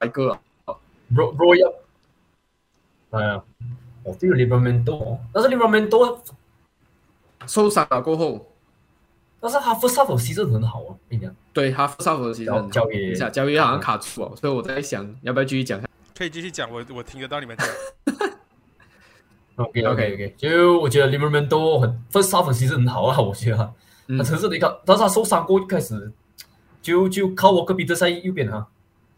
排球啊，royal 係啊，或者 Livramento，嗱，Livramento 受傷過後，嗱，佢 first half 其實很好啊，講對他，half first half 其實交，交嘢，交嘢好像卡住哦、嗯，所以我在想，嗯、要唔要繼續講下？可以繼續講，我我聽得到你們講。 OK OK OK，就我覺得 Livramento 很 first half 其實很好啊，我覺得他，佢承受得，佢，當時佢受傷過就開始，就就靠我個彼得賽右邊啊。